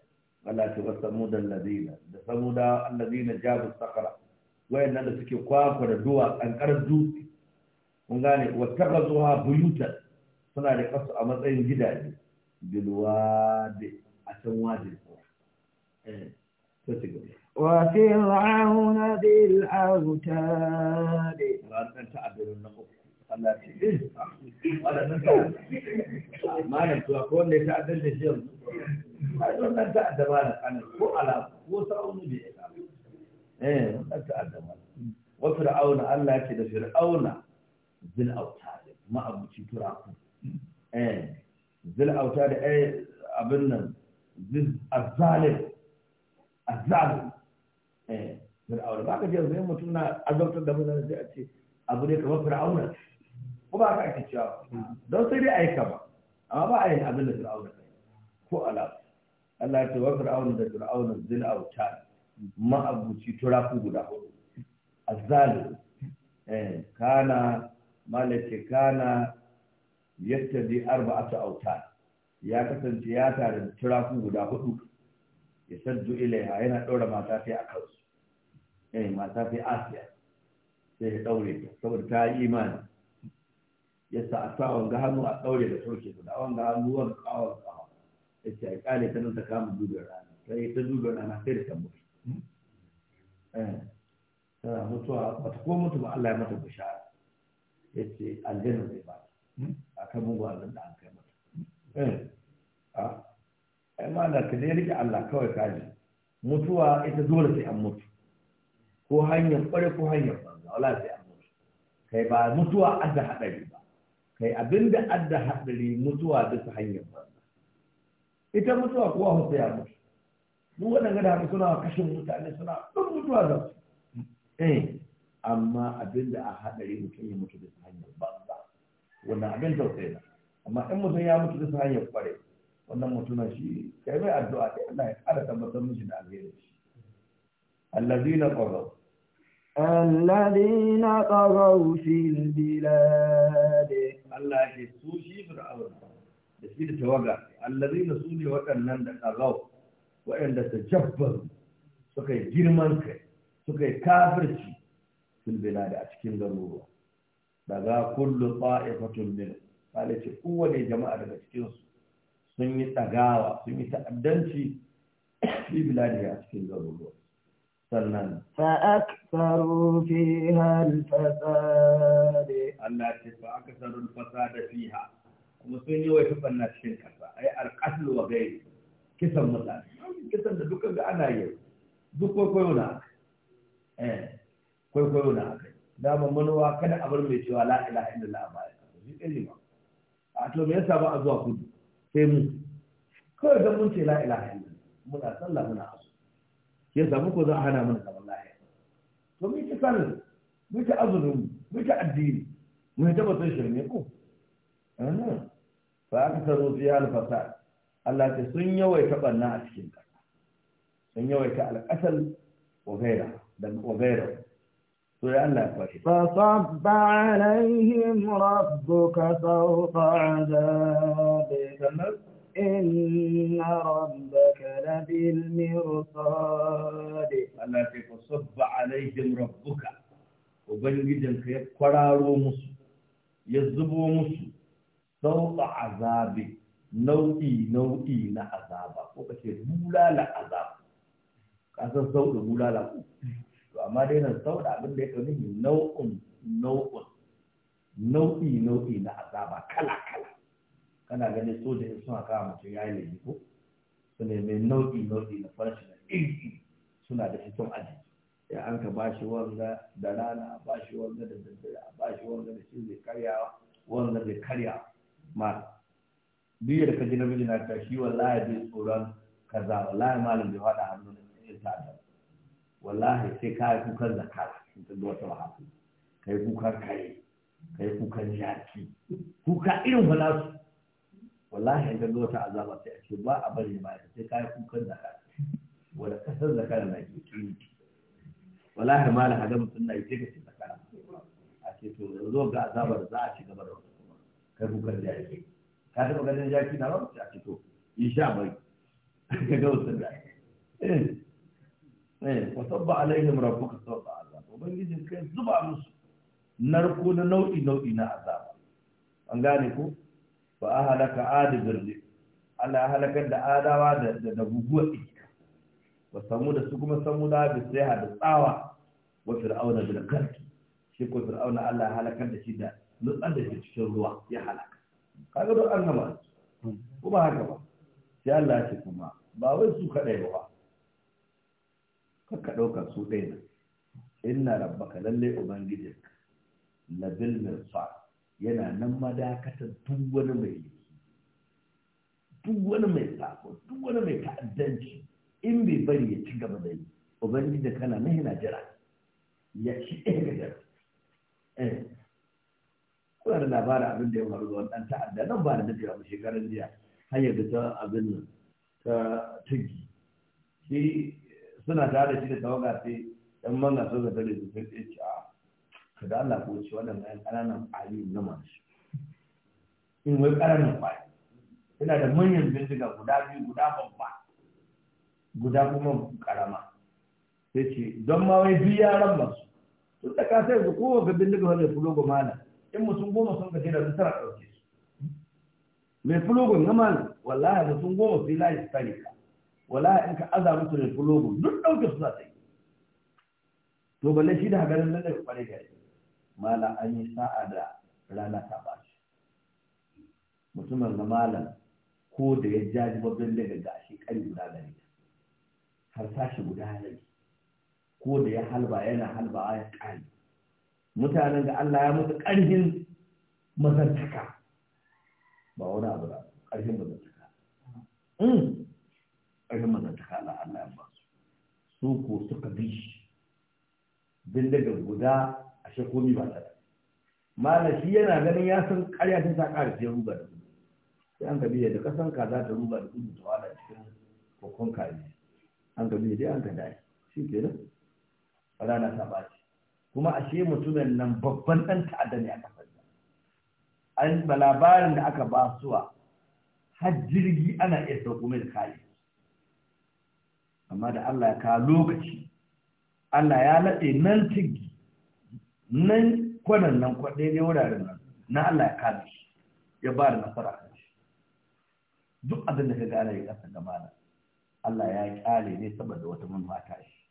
Allah ce wasu mudan lazina da samuda allazina jabu sakara wayannan da suke kwakwara duwa kankar duki kun gane wata ka zuwa buyutar suna da kasu a matsayin gidaje bilwa a can wajen kuwa eh ta ci gaba وفرعون ذي الأوتاد ما لم تكون لتعدل للجن لن تعد بالك عن الفعلاء وفرعون ذي ايه لن تعد بالك وفرعون الله كده فرعون ذي الأوتاد ما أبو تراكم ايه ذي الأوتاد ايه أبنن ذي الظالم الظالم Eh, fir'auna ba ka ji yanzu mutum na azabtar da mutane sai a ce abu ne kamar fir'auna ko ba ka ake cewa don sai dai aika ba amma ba a yi abin da fir'auna ko ala Allah ya ce wa fir'auna da fir'auna zil auta ma'abuci turaku guda hudu azzalu eh kana malaka kana yattadi arba'atu auta ya kasance ya tare da turaku guda hudu ya saddu ilaiha yana ɗaura mata sai a kansu eh mata sai asiya sai ya ɗaure ta saboda ta yi imani ya sa a sa wanga hannu a ɗaure da turke su, da wanga hannu wanga kawon kawo ya ce a ƙyale ta nan ta kama dubin rana sai ta dubin rana sai da ta mutu eh, tana mutuwa ba ta ko mutu ba Allah ya mata bishara ya ce aljanna zai ba hmm? a kan mugu a da an kai mata eh, ai da ka dai rike Allah kawai kaji mutuwa ita dole sai an mutu ko hanyar kware ko hanyar banza wala sai an mutu kai ba mutuwa adda hadari ba kai abinda adda hadari mutuwa bisa hanyar banza ita mutuwa ho sai ya mutu duk waɗanda da suna kashin mutane suna duk mutuwa da su eh amma abinda a hadari mutum ya mutu bisa hanyar banza wannan abin tausayi amma in mutum ya mutu bisa hanyar kware wannan mutumin shi kai mai addu'a sai Allah ya ƙara tabbatar mishi da alheri shi allazina qadaw allazina qadaw fil bilad Allah ya su shi fir'aun da shi da tawaga allazina su ne waɗannan da qadaw waɗanda ta jabbar suka yi girman kai suka yi kafirci fil bilad a cikin garuruwa daga kullu ta'ifatun min ce kowane jama'a daga cikin su sun yi tsagawa sun yi ta'addanci fi biladi a cikin garuruwa sannan fa'aktaru fi halfasade Allah ce fa'aktaru fasada fiha kuma sun yi wai na cikin kasa ai alqatl wa gai kisan mutane kisan da dukkan ga ana yi duk kwaikwayo na eh kwaikwayo na yi. dama manowa kada a bar mai cewa la ilaha illallah ba ya shi ba a to me yasa ba a zuwa kudu sai mu kawai da mun ce la ilaha illallah muna sallah muna azu ya zama ko za a hana mana zaman lahiya to mun ci sallah mun ci azumin mun ci addini mun tabbatar shirme ko fa aka fi al alfasa Allah ce sun yawaita banna a cikin ka sun yawaita asal wa ghaira dan wa ghaira sórí Allah kwari. Fasabba alaihim rabbu ka sauka azabe kamar inna rabba ka labin mirsade. Allah ce fasabba alaihim rabbu ka, ya kwararo musu, ya zubo musu sauka azabe, nau'i nau'i na azaba, ko kace bulala azaba, ƙasar sauka bulala ku. to amma dai nan saboda abin da ya kawo nufi nau'un nau'un nau'i nau'i na azaba kala kala kana ganin soja in suna kawo mutum ya yi ne ko su ne mai nau'i nau'i na farashi na iri suna da hiton aji ya an ka bashi wanga da rana a bashi wanga da daddare a bashi wanga da shi zai karya wanga zai karya ma duk da ka ji namiji na ta shi wallahi bai tsoron kaza wallahi malam bai faɗa hannu da ya sa'adar wallahi sai ka yi kukan zakara in ta da wata wahala ka yi kukan kare ka yi kukan jaki kuka irin wala su wallahi in ta wata azaba sai a ce ba a bari ba sai ka yi kukan zakara wadda kasar zakara na ke kiri wallahi ma da hada mutum na yi sai ka ce zakara a ce to yanzu ga azabar za a ci gaba da wata kuma kai kukan jaki ka taɓa ganin jaki na ba a ce to in sha bai ka ga wasu da eh wa sabba alaihim rabbuka sabba azab ubangijin kai zuba musu narko na nau'i nau'i na azaba an gane ko fa ahlaka adibir li Allah halakar da adawa da da guguwar iska wa samu da su kuma samu da bi sai da tsawa wa fir'auna bil karki shi ko fir'auna Allah halakar da shi da nutsan da shi cikin ruwa ya halaka kaga don annaba ko ba haka ba sai Allah ya ce kuma ba wai su kadai ba kakka ɗauka su Ina inna rabbaka lalle Na labil fa. yana nan madakatar duk wani mai duk wani mai sako duk wani mai ta'addanci in bai bari ya ci gaba da yi ubangiji kana nan yana jira ya ci ɗaya ga jira eh. kuna da labarin abin da ya faru ga wannan ta'adda nan ba da nufi ba shekaran jiya hanyar da ta abin ta tuggi shi suna tare da shi da tawaga sai ɗan manga sun ga tare su sai ce a ka da Allah ko shi, wannan ɗan ƙananan ƙwari na masu in wai ƙananan ƙwari ina da manyan bindiga guda biyu guda babba guda kuma ƙarama sai ce don ma wai biyu yaran masu tun da ka sai su kowa ga bindiga wanda fulo ga mana, in mutum goma sun ga da su tara ɗauke su mai fulo na malam wallahi mutum goma sai layi su tare ka wala in ka aza musu da logo duk ɗauke su za ta yi to balle shi da hagarin lalle zai kware gari. mala an yi sa'a da rana ta ba shi mutumin ga malam ko da ya jaji babban daga gashi kan guda gare ta har tashi guda gari, ko da ya halba yana halba ya kari mutanen da Allah ya musu ƙarfin mazantaka ba wani abu da ƙarfin mazantaka hmm. ƙarin mazantaka na, Allah ya ba su ko suka bi shi din daga guda a shekomi ba ta mana shi yana ganin ya san ƙarya ta ta ƙara sai ruba da gudu sai an gabi da kasan ka za ta ruba da gudu ta wala cikin kokon kaji an gabi da an ka dai shi ke nan rana ta baci kuma a shi mutumin nan babban ɗan ta'adda ne a kasar an ba labarin da aka ba suwa har jirgi ana iya sauko mai da amma da Allah ya kawo lokaci Allah ya laɗe nan tigi nan kwanan nan kwaɗe wuraren nan na Allah ya kawo shi ya ba da nasara a shi duk abin da ka gane ya kasa gaba da Allah ya kyale ne saboda wata manufa ta shi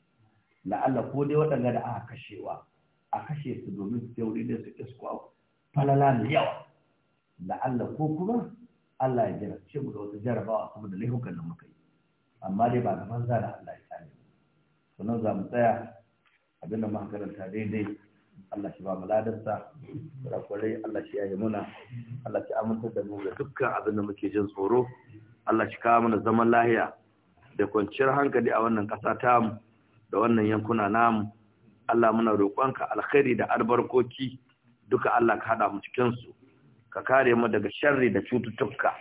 la'alla ko dai waɗanda da aka kashewa a kashe su domin su kyauri da su isko falala da yawa la'alla ko kuma Allah ya jarabce mu da wata jarabawa saboda laifukan da muka yi amma dai ba da manza da Allah ya sani sannan za mu tsaya abin da muka karanta daidai Allah shi ba mu ladarsa kwarai Allah shi yi muna Allah shi amintar da mu ga dukkan abin da muke jin tsoro Allah shi kawo mana zaman lahiya da kwanciyar hankali a wannan ƙasa mu da wannan yankuna namu Allah muna roƙonka alkhairi da albarkoki duka Allah ka hada mu su ka kare mu daga sharri da cututtuka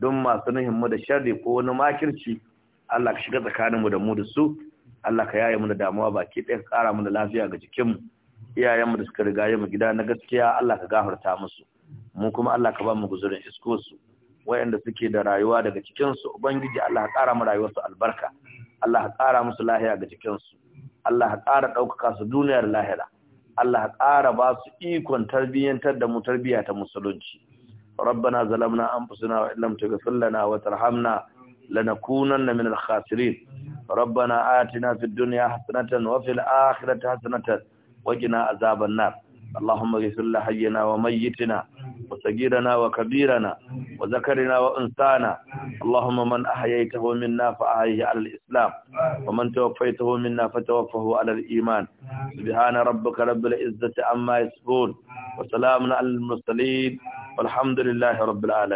don masu nuhin mu da sharri ko wani makirci Allah ka shiga mu da mu da su Allah ka yaye muna damuwa baki ɗaya ka ƙara mu da lafiya ga jikinmu iyayenmu da suka riga mu gida na gaskiya Allah ka gafarta musu mu kuma Allah ka ba mu guzurin isko su wayanda suke da rayuwa daga cikin su ubangiji Allah ka ƙara mu rayuwar su albarka Allah ka ƙara musu lahiya ga jikinsu. su Allah ka ƙara ɗaukaka su duniyar lahira Allah ka ƙara ba su ikon tarbiyyantar da mu tarbiya ta musulunci ربنا ظلمنا أنفسنا وإن لم تغفر لنا وترحمنا لنكونن من الخاسرين ربنا آتنا في الدنيا حسنة وفي الآخرة حسنة وجنا عذاب النار اللهم اغفر لحينا وميتنا وصغيرنا وكبيرنا وذكرنا وانثانا اللهم من احييته منا فاحيه على الاسلام ومن توفيته منا فتوفه على الايمان سبحان ربك رب العزه عما يصفون وسلام على المرسلين والحمد لله رب العالمين